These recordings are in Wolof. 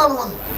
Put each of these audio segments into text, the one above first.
another one.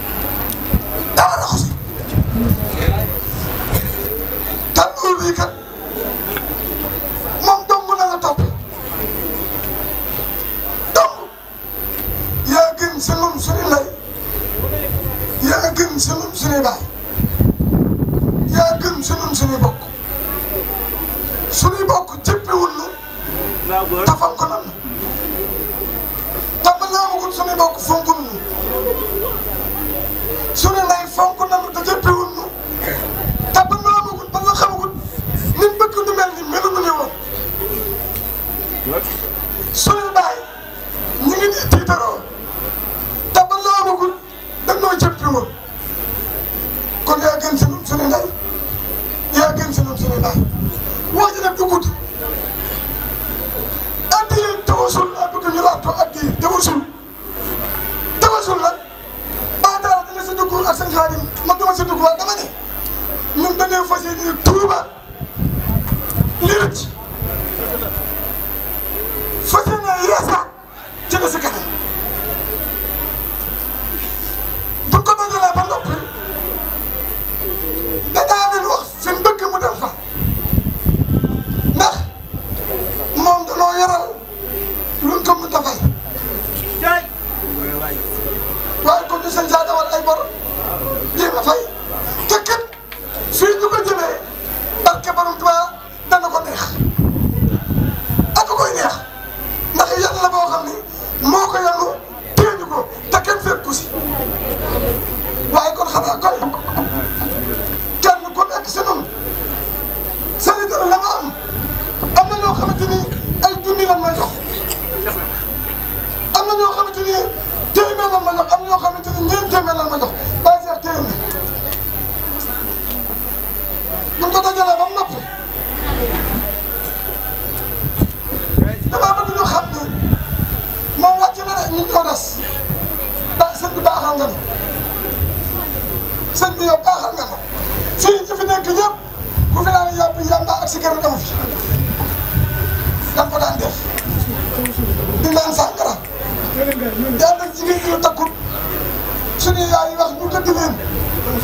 suñuy yaay yi wax ñu gëdd leen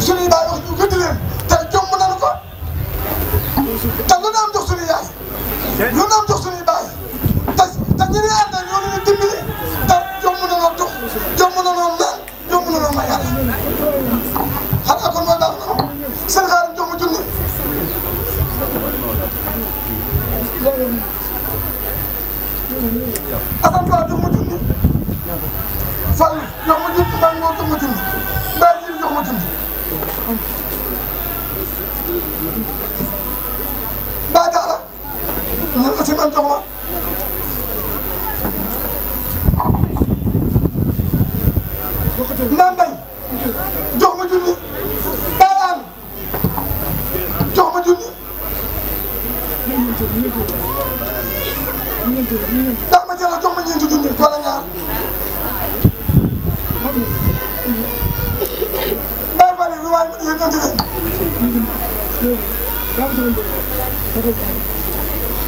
suñuy baay wax ñu gëdd leen te jomb nañu ko te lu ñu am jox suñuy yaay lu ñu am jox lan la ci man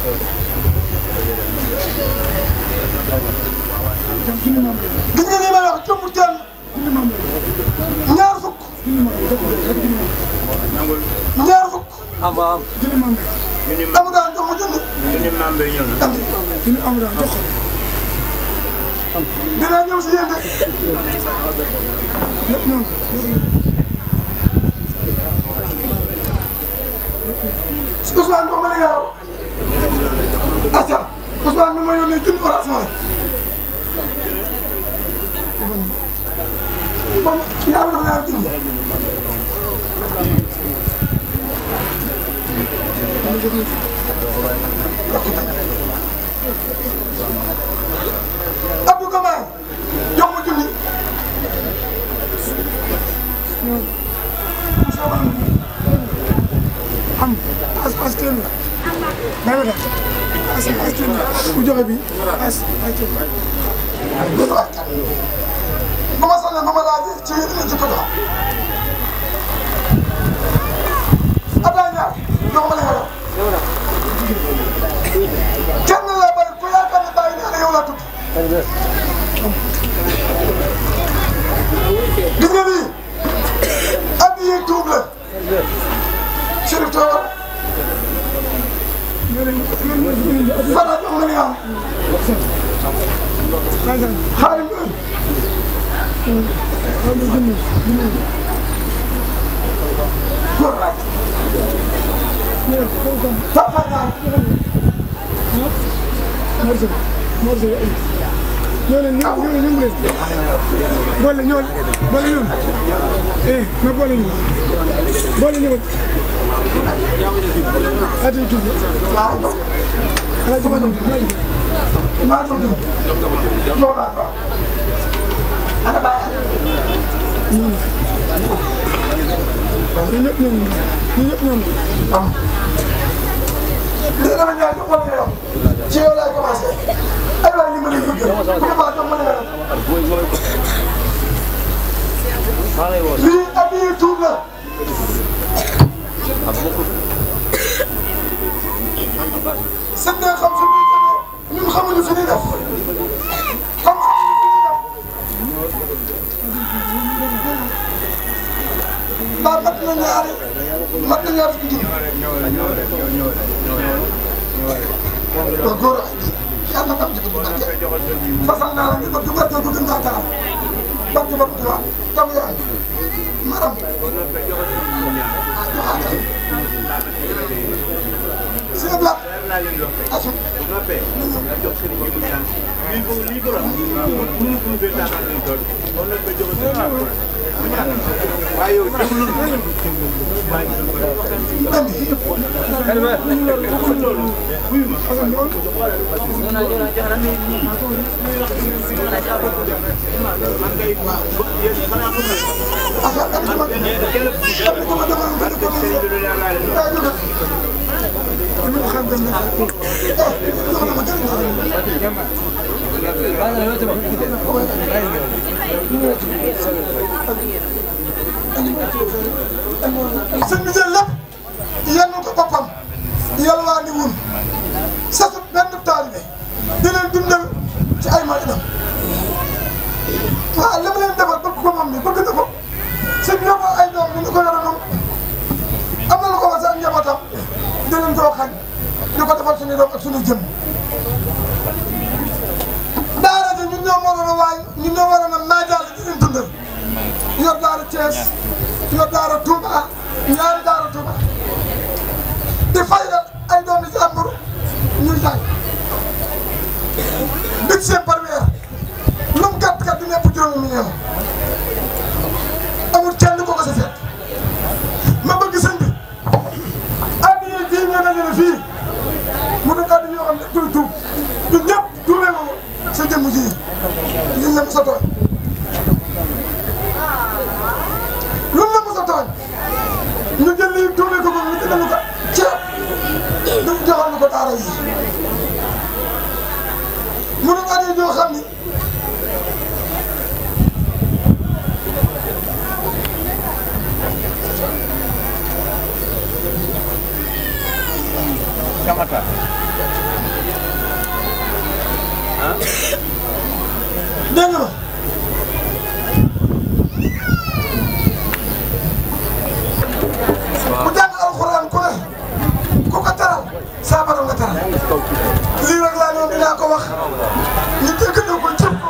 gis nga li may wax jëmmu jël ñaar fukk ñaar fukk dama daan jox ma jënd dinaa ñëw si yéen de Ousmane Ba ma ne acca Ousmane mi ma yónnee junni oration rek moom yaa ngi doon ñaari junni Abdou Gamaye jox ma junni am pas-pas kenn la as as tuuti bu joxe bi as as tuuti loolu ak kan ba ma sonn ba ma laajee ci li ci kota Abdoulaye Niang jox ma la nga kenn laa bari ku yaakaar ne bàyyi naa la yow laa tudd suñu ay ñoo leen ñoo leen yëngu leen boole ñoo boole ñoom eh ma boole ñu boole ñu ati tudd ala jama ñu ma tudd lo la ana ba ñu ñëpp ñoom ñu ñëpp ñoom am dina ñaan ko ko ci yow laay commencé ay waay li ma lay bëgg bu dafaa dox ma ne la lii addiya tuub la sëñ bi xam fi muy demee ñun xamuñu fi ñuy def xam xamuñu fi ñuy def ndax mat na ñaari mat na ñaar fukki junni te góor ay ji yàlla tam jënd bu barke fasal naa la ñu ko du barke bu gën ngaa taal barke ba tuwa tam yaay maram ah joxaatal sëñ Bla asum na ñëw. sëñ bi jël lépp yalwaani wul sasut benn taalibe di leen dundal ci ay marinam waaw li ma leen defal bëgg ko moom mi bëgg na ko sëñ bi dafa ay doom bi ñu ko yore noonu am na lu ko wax sa njabootam di leen koo xañ di ko defal suñu doom ak suñu jëm daara ji ñun ñoo waroon a waay ñun ñoo waroon a naajaale di leen dundal daara Thiès yor daara Touba ñaari daara Touba di fay budget par weer lu mu gàtt gàtt du nekk lii rek laa noon dinaa ko wax ñu dégg na ko cëpp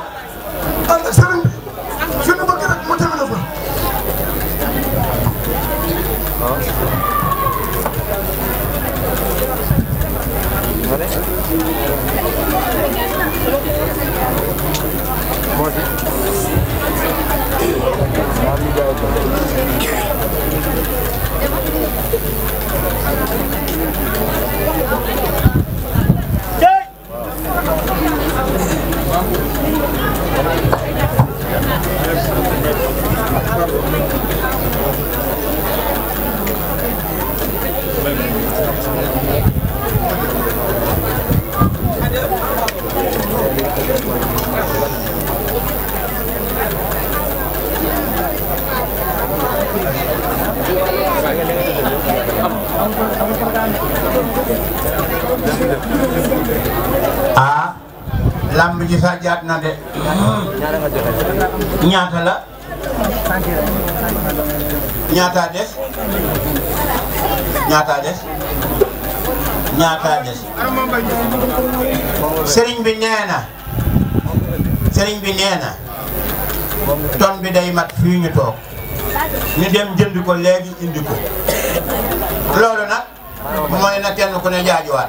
ànd ak sëriñ bi fi nu bëgg rek mu jëmale fa Thank you. ñaata la ñaata des ñaata des ñaata des sëriñ bi nee sëriñ bi nee na ton bi day mat fii ñu toog ñu dem jënd ko léegi indi ko loolu nag mooy na kenn ku ne jaajuwaat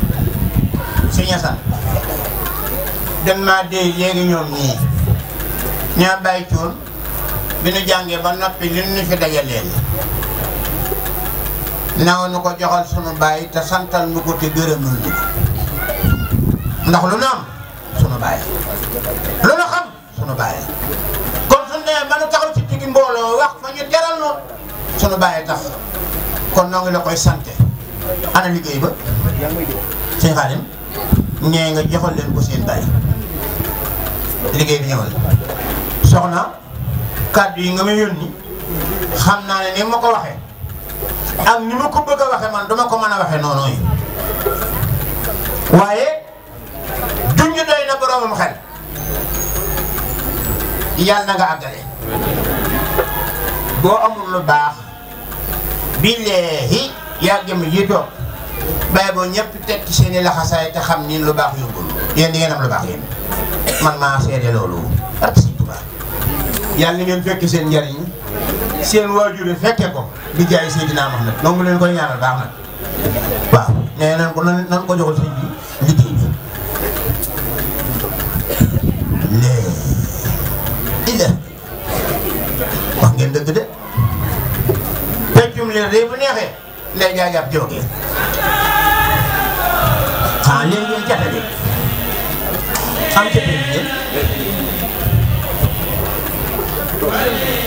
sëñ Assane dan maa dee léegi ñoom ñii ñaa bàyyi cuun bi nu jàngee ba noppi li nu fi dajalee ni naw nu ko joxal sunu bàyyi te santal nu ko te ndax lu nu am sunu bàyyi lu nu xam sunu bàyyi kon sunu nee ba nu taxaw ci digg mbooloo wax fa ñu teral noonu sunu bàyyi tax kon noo ngi koy sante ana liggéey ba sëñ Xaadim nee nga joxal leen ko seen bàyyi liggéey bi ñëwal soxna kàddu yi nga ma yónni xam naa ne ni ma ko waxee ak ni ma ko bëgg a waxee man dama ko mën a waxee noonu waaye duñ ñu doy na boroomam xel yàlla nga àggale boo amul lu baax billaahi yaa jëm yi toog bàyyi boo ñëpp teg ci seen i laxasaay te xam ni lu baax yombul yéen di ngeen am lu baax yéen man maa seede loolu ak Sëñ Tuubaa yàlla na ngeen fekk seen njariñ seen waajur yi fekke ko di jaay Seydina Muhammad nag nongu leen koy ñaanal baax na waaw nee nan ko nan ko joxal sëñ bi liggéey wax ngeen dëgg de peccum leen réew bu neexee lay jaajab joogee 함께 하니 함께 되는요 네.